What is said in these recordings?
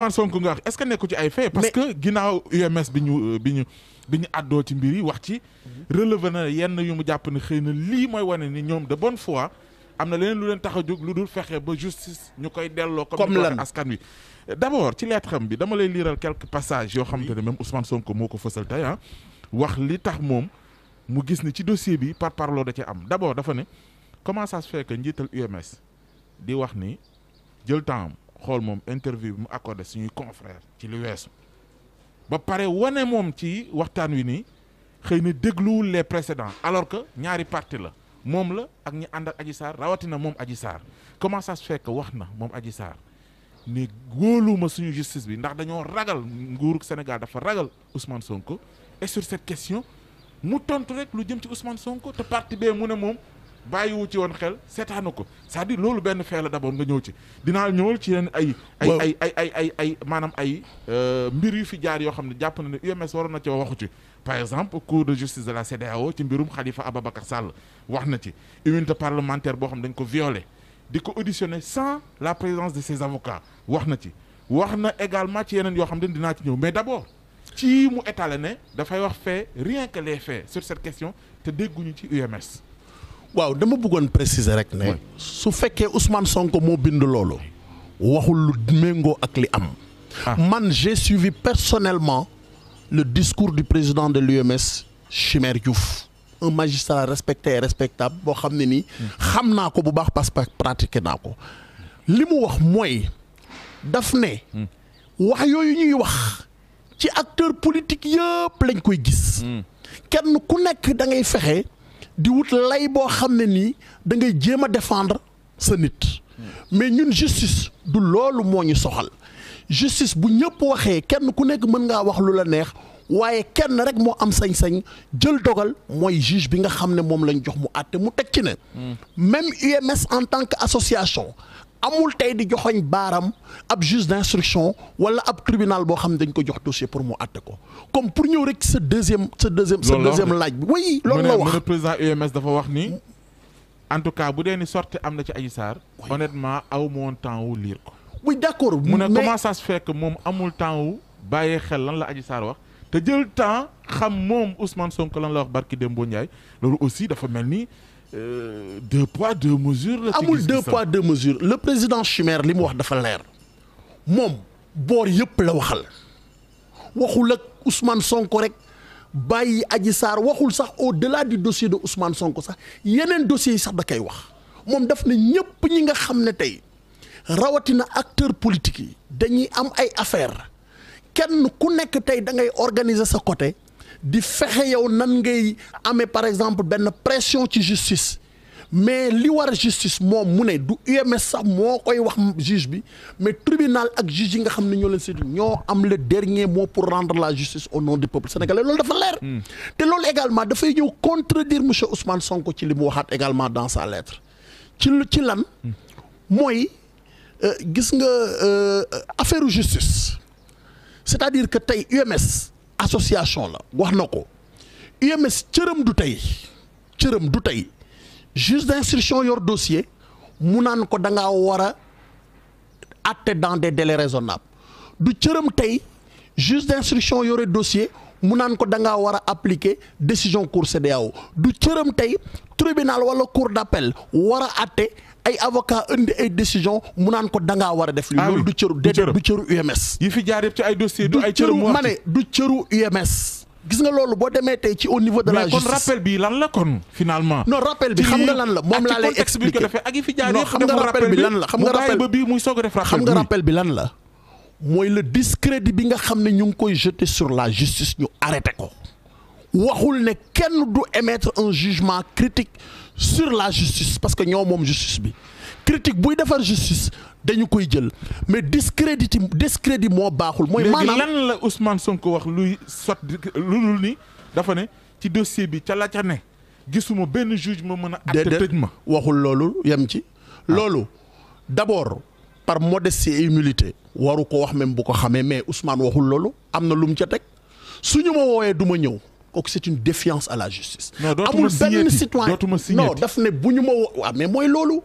Ousmane Sonko nga wax est-ce que nekku ci ay fait parce que ginnaaw UMS bi ñu bi ñu bi ñu àddoo ci mbir yi wax ci relevé na yenn yu mu jàpp ne xëy na lii mooy wane ni ñoom de bonne foi am na leen lu leen tax a jóg lu dul fexe ba justice ñu koy delloo comme lan askan wi d'abord ci lettre am bi dama lay liiral quelques passages yoo xamante ne même Ousmane Sonko moo ko fësal tey ah wax li tax moom mu gis ni ci dossier bi par parloo da ci am d'abord dafa ne comment ça se fait que njiital UMS di wax ni temps xool moom interview bi mu accordé suñuy confrère ci lu weesu ba pare wane moom ci waxtaan wi nii xëy na dégluwul les précédents alors que ñaari parti la moom la ak ñi ànd ak Adji Sarr rawatina moom Adji Sarr comment ça wax na moom Adji Sarr ni suñu justice bi ndax dañoo ragal nguuru Sénégal dafa ragal Ousmane Sonko et sur cette question mu tontu rek lu jëm ci Ousmane Sonko te parti bee mu ne moom bàyyiwu ci woon xel seetaana ko cest à loolu benn fee la d'abord nga ñëw ci dinaa ñëwal ci yeneen ay ay ay ay ay ay maanaam ay euh, mbir yu fi jaar yoo xam ne jàpp na ne UMS waroon na ci waxu ci par exemple cour de justice de la CEDEAO ci mbirum Khalifa Ababacar Sall wax na ci immunité parlementaire boo xam ne dañ ko violé di ko auditionné sans la présence de ses avocats wax na ci wax na également ci yeneen yoo xam ne dinaa ci ñëw mais d'abord ci mu étalé ne dafay wax fait rien que les faits sur te dégguñu ci UMS waaw dama buggoon préciser rek ne. su fekkee Ousmane Sonko moo bind loolu. waxul lu méngoo ak li am. Ah. man j'ai suivi personnellement le discours du président de l'UMS Chimère Diouf. un magistrat respecté et respectable boo xam ne nii. Hmm. xam naa ko bu baax parce que pratiqué naa ko. li mu wax mooy daf ne. Hmm. wax yooyu ñuy wax. ci acteur politique yëpp lañ koy gis. Hmm. kenn ku nekk da ngay fexe. di wut lay boo xam ne nii da ngay jéem a défendre sa nit. mais ñun justice du loolu moo ñu soxal justice bu ñëpp waxee kenn ku nekk mën ngaa wax lu la neex waaye kenn rek moo am sañ-sañ jël dogal mooy juge bi nga xam ne moom lañ jox mu àtte mu teg ci ne. Hmm. même UMS en tant que association. amul tey di joxoñ baaram ab juge d'instruction wala ab tribunal boo xam dañ ko jox dossier pour mu àtte ko comme pour ñëw rek sa deuxième sa deuxième laaj bi way loolu la wax le président UMS dafa wax nii en tout cas bu dee ni sorti am na ci Adji Sarr honnêtement aw moon temps wu lire ko oui d'accord mu ne comment ça se fait moom amul temps bàyyee xel lan la aji Sarr wax te jël temps xam moom Ousmane sonk lan la wax barki Dembo Ndiaye loolu aussi dafa mel ni Euh, deux poids deux mesures la. amul deux poids deux mesures le président Chimère li mu wax dafa leer moom boor yëpp la waxal waxul ak Ousmane Sonko rek bàyyi Adji Sarr waxul sax au delà di dossier de Ousmane Sonko sax yeneen dossiers yi sax da koy wax moom daf ne ñëpp ñi nga xam ne tey rawatina acteurs politiques yi dañuy am ay affaires kenn ku nekk tey da ngay organiser sa côté. di fexe yow nan ngay amee par exemple benn pression ci justice mais li war justice moom mu ne du UMS sax moo koy wax juge bi mais tribunal ak juge yi nga xam ne ñoo leen seeti ñoo am le dernier mot pour rendre la justice au nom du peuple sénégalais loolu dafa leer. Hmm. te loolu également dafay ñëw contredire monsieur Ousmane Sonko ci li mu waxaat également dans sa lettre ci ci lan. Hmm. mooy euh, gis nga euh, euh, affaire justice c'est-à-dire que tey UMS. association la wax na ko UMS cëram du tey cëram du tey juge d'instruction yore dossier mu naan ko da ngaa war a atte dans des délais raisonnables du cëram tey juge d'instruction yore dossier mu naan ko da ngaa war a appliquer décision cour CEDEAO du cëram tey tribunal wala cour d'appel war a atte ay avocat indi ay décision mu naan ko dangaa war a def li ah loolu du cëru déedéet du cëru UMS yi fi jaar yëpp ci ay dossier du ay cëru ma ne du cëru UMS gis nga loolu boo demee tey ci au niveau de la justice mais kon rappel bi lan la kon no non rappel bi xam nga lan la moom laa lay expliqué ak ci contexte bi nga rappel bi lan la xam nga rappel bi muy soog a def rappel xam nga bi lan la. mooy le discrédit bi nga xam ne ñu ngi koy jeter sur la justice ñu arrêté ko waxul ne kenn du émettre un jugement critique sur la justice parce que ñoo moom justice bi critique buy defar justice dañu koy jël mais discrédit discrédit moo baaxul. mooy maanaam la usman Ousmane ko wax luy sot lu ni dafa ne ci dossier bi ca la ca ne gisuma benn juge ma mën a. àtte tëj ma waxul loolu yem ci. Ah. loolu d'abord par moo modestie et humilité waru ko wax même bu ko xamee mais Ousmane waxul loolu am na lu mu ca teg su ñu ma woowee du ma ñëw. kooku c'est une défiance à la justice. amul benn citoyen non daf ne bu ñu ma waaw mooy loolu.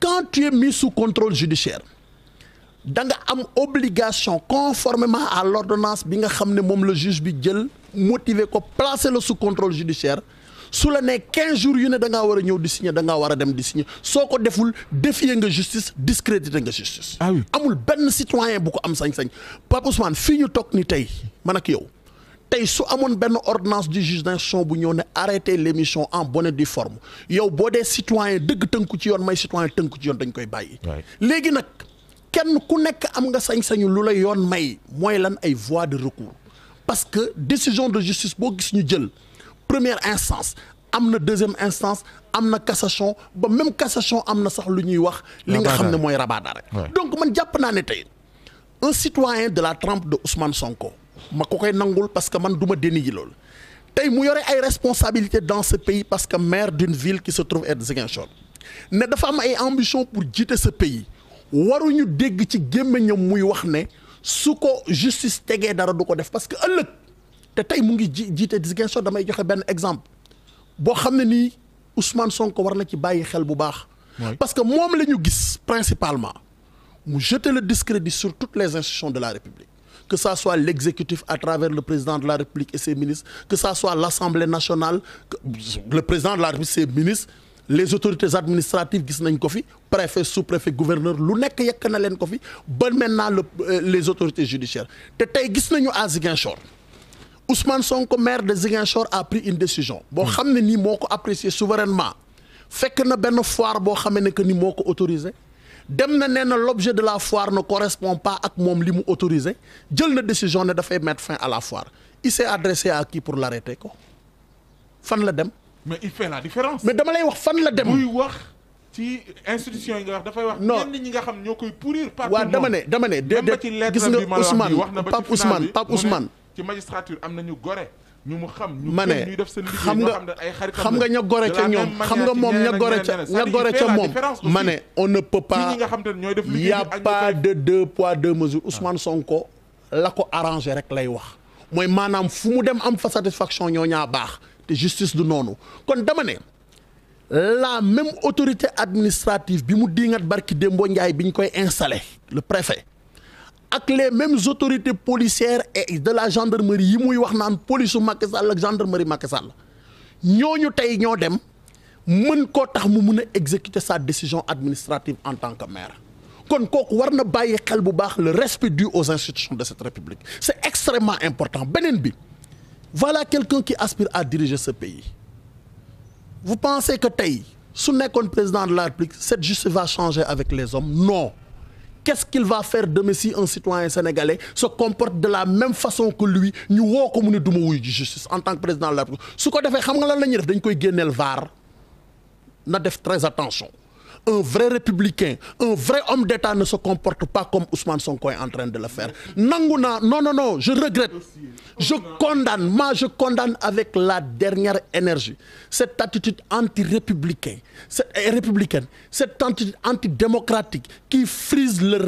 quand tu es mis sous contrôle da nga am obligation conformément à l'ordonnance bi nga xam ne moom le juge bi jël motiver ko placer la sous contrôle judiciaire su la nee 15 jours yu ne da war a ñëw di da ngaa war a dem di signer soo ko deful défier nga justice discréditer nga justice. Ah amul benn citoyen bu ko am sañ-sañ Pape Ousmane fii ñu toog ni tey man ak yow. tey su amoon benn ordinance du juge bu ñëw ne arrêté l'émission en bonne di forme yow boo dee citoyen dëgg tënku ci yoon may citoyen tënku ci yoon dañ koy bàyyi. léegi nag kenn ku nekk am nga sañ-sañu lu la yoon may mooy lan ay voies de recours parce que décision de justice boo gis ñu jël première instance. am na deuxième instance am na cassation ba même cassation am na sax lu ñuy wax li nga xam ne mooy rabat d'arrêt donc man jàpp naa ne tey un citoyen de la trempe de Ousmane Sonko ma ko koy nangul parce que man du ma déni ji loolu tey mu yore ay responsabilité dans ce pays parce que maire d'une ville qui se trouve être Ziguinchor ne dafa am ay ambition pour jiite sa pays waruñu dégg ci gémmiñam muy wax ne su ko justice tegee dara du ko def parce que ëllëg te tey mu ngi ji jiite Ziguinchor damay joxe benn exemple boo xam ne nii Ousmane Sonko war na ci bàyyi xel bu baax. parce que moom la ñu gis principalement mu jeter le discrédit sur les institutions de la République. que ça soit l'exécutif à travers le président de la République et ses ministres que ça soit l'Assemblée nationale le président de la République ses ministres les autorités administratives gis nañ ko fi préfet sous-préfet gouverneur lu nekk yekk na leen ko fi ba maintenant le euh, les autorités judiciaires te tey gis nañu à Ziguinchor Ousmane Sonko maire de Ziguinchor a pris une décision boo xam ne ni moo ko apprécié souverainement fekk na benn foire boo xamee ne que ni moo ko autorisé dem na nee na l'objet de la foire ne correspond pas ak moom li mu autorisé jël na décision ne dafay mettre fin à la foire il s'est adressé à qui pour l'arrêter ko fan la dem. mais il fait la différence. mais dama lay wax fan la dem muy wax. ci institution yi nga wax dafay wax. non ñi nga xam ñoo koy pourrir. par waaw dama ne dama ne déedéet gis nga Ousmane Pape Ousmane Pape Ousmane. ci magistrature am na ñu gore. ñu mu xam ñu ma ne xam nga xam nga ña gore ca ñoom xam nga moom ña gore ca ña gore ca moom ma ne on ne peut pas y a pas de deux poids deux mesures Ousmane Sonko la ko arrangé rek lay wax mooy maanaam fu mu dem am fa satisfaction ñoo ñaa baax te justice du noonu kon dama ne la même autorité administrative bi mu diingat barki Dembo Ndiaye bi ñu koy installé le préfet ak les mêmes autorités policières et de la gendarmerie yi muy wax naan police su Macky Sall ak gendarmerie Macky Sall ñu tey ñoo dem mën koo tax mu mun a exécuter sa décision administrative en tant que maire kon kooku war na bàyyi xel bu baax le respect dû aux institutions de cette république c'est extrêmement important beneen bi voilà quelqu'un qui aspire à diriger ce pays vous pensez que tey su nekkoon président de la république cette justice va avec les hommes non qu'est-ce qu'il va faire demain si un citoyen sénégalais se comporte de la même façon que lui ñu woo ko mu ne duma wuy justice en tant que président de la République su ko defee xam nga lan la ñuy def dañ koy génneel vaar na def très attention un vrai républicain un vrai homme d'État ne se comporte pas comme Ousmane Sonko est en train de le faire nangu naa non non non je regrette je condamne moi je condamne avec la dernière énergie cette attitude anti-républicaine cette eh, républicaine cette attitude antidémocratique qui frise le,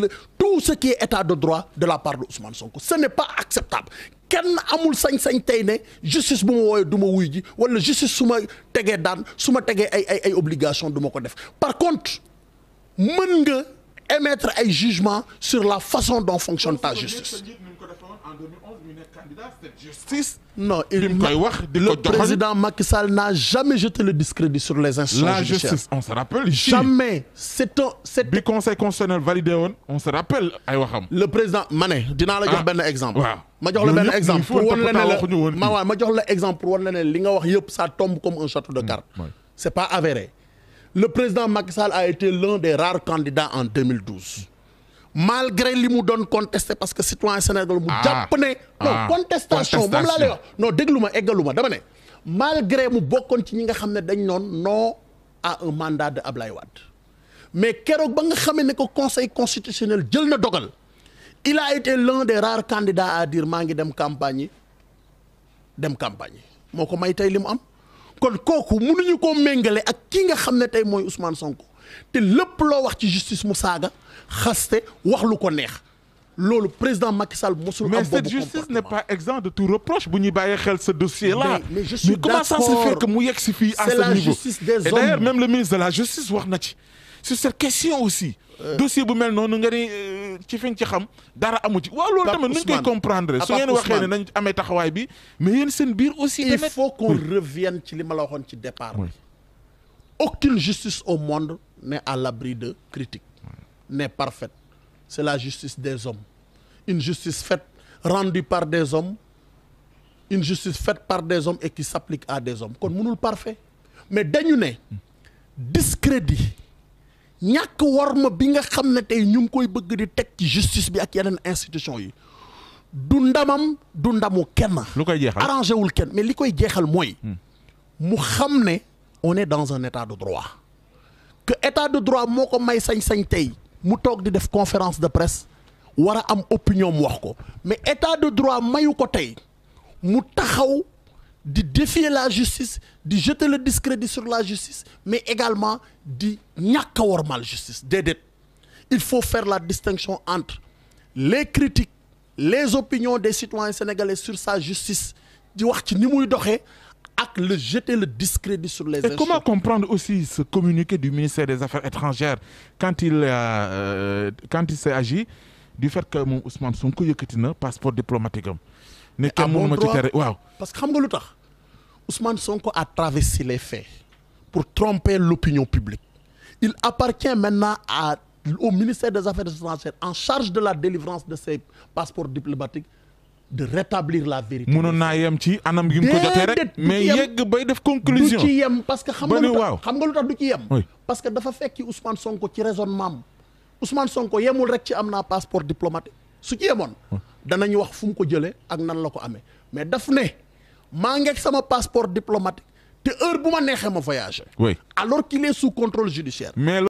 le, tout ce qui est état de droit de la part de Ousmane Sonko ce n'est pas acceptable kenn amul sañ-sañ tey ne justice bu ma wooyee duma wuy ji wala justice su ma tegee daan su ma tegee ay ay ay obligation duma ko def par contre mën nga émettre ay jugement sur la façon dont fonctionne ta justice justice. wax di ko joxoon le président Macky Sall n'a jamais jeté le discrédit sur les institutions la judiciaires. justice on se rappelle. jamais c'est un conseil constitutionnel validé woon on se rappelle ay waxam. le président ma ne dinaa la jox ah, benn exemple. waaw ma jox la benn exemple pour le la ne la ma waaw ma jox la exemple pour wan li nga wax yëpp ça tombe comme un château de hmm. cartes. c'est pas avéré. le président Macky Sall a été l'un des rares candidats en 2012 malgré li mu doon contesté parce que citoyen Sénégal mu ah. jàpp ne non ah. contestation moom laa lay wax non déglu ma eggalu ma dama ne malgré mu bokkoon ci ñi nga xam ne dañ noon non à un mandat de Ablaye Wade mais keroog ba nga xamee ne ko conseil constitutionnel jël na dogal il a été l'un des rares candidats à diir maa ngi dem campagne dem campagne moo ko may tey li mu am kon kooku mënuñu koo méngale ak ki nga xam ne tey mooy Ousmane Sonko te lépp loo wax ci justice mu saaga xaste wax lu ko neex loolu président Macky Sall mosul. am boobu comportement mais cette justice n'est pas exempte de tout reproche bu ñuy bàyyi xel ce dossier là. mais, mais d'accord mais mu yegg si fii. à la le ministre de la justice wax na ci. sur cette question aussi. Euh. dossier bu mel noonu nga ni euh, ci fi nga ci xam dara amu ci. waaw loolu tamit nu ñu koy comprendre su ngeen waxee ne nañ amee taxawaay bi. mais yéen seen biir aussi. il faut qu'on revienne ci li ma la waxoon ci départ bi. aucune justice au monde n'est à l'abri de critiques n'est parfaite c'est la justice des hommes une justice fait rendue par des hommes une justice faite par des hommes et qui s'applique à des hommes kon mënul parfait mais dañu ne discrédit ñàkk worma bi nga xam ne tey ñu ngi koy bëgg di teg ci justice bi ak yeneen institution yi du ndamam du ndamu kenn. lu koy jeexal arrangé wul kenn mais li koy jeexal mooy. Hmm. mu xam ne on est dans un état de droit. que état de droit moo ko may sañ-sañ tey mu toog di def conférence de presse war a am opinion mu wax ko mais état de droit mayu ko tey mu taxaw. di défier la justice di jeter le discrédit sur la justice mais également di ñàkk a wormaal justice déedéet il faut faire la distinction entre les critiques les opinions des citoyens sénégalais sur sa justice di wax ci ni muy doxee ak le jeter le discrédit sur les. Et comment comprendre aussi ce communiqué du ministère des Affaires étrangères quand il euh, euh quand il s'agit du fait que moom Ousmane Sonko yëkkati na passeport diplomatique ne kenn ah mënu ma parce que xam nga lu Ousmane Sonko a traversé les faits pour tromper l'opinion publique il appartient maintenant à au ministère des affaires étrangères en charge de la délivrance de ces passeports diplomatiques de rétablir la vérité. mënoon naa yem ci anam gi mu ko jotee mais yegg bay def conclusion du ci yem parce que. xam nga lu tax du ci yem. parce que dafa fekki Sonko ci raisonnement am Ousmane Sonko yemul rek ci am naa passeport diplomatique su ci yemoon. danañ wax fu mu ko jëlee ak nan la ko ame mais daf ne. maa ngeeg sama passeport diplomatique te heure bu ma neexee ma voyager. alors qu'il est sous contrôle judiciaire. Mais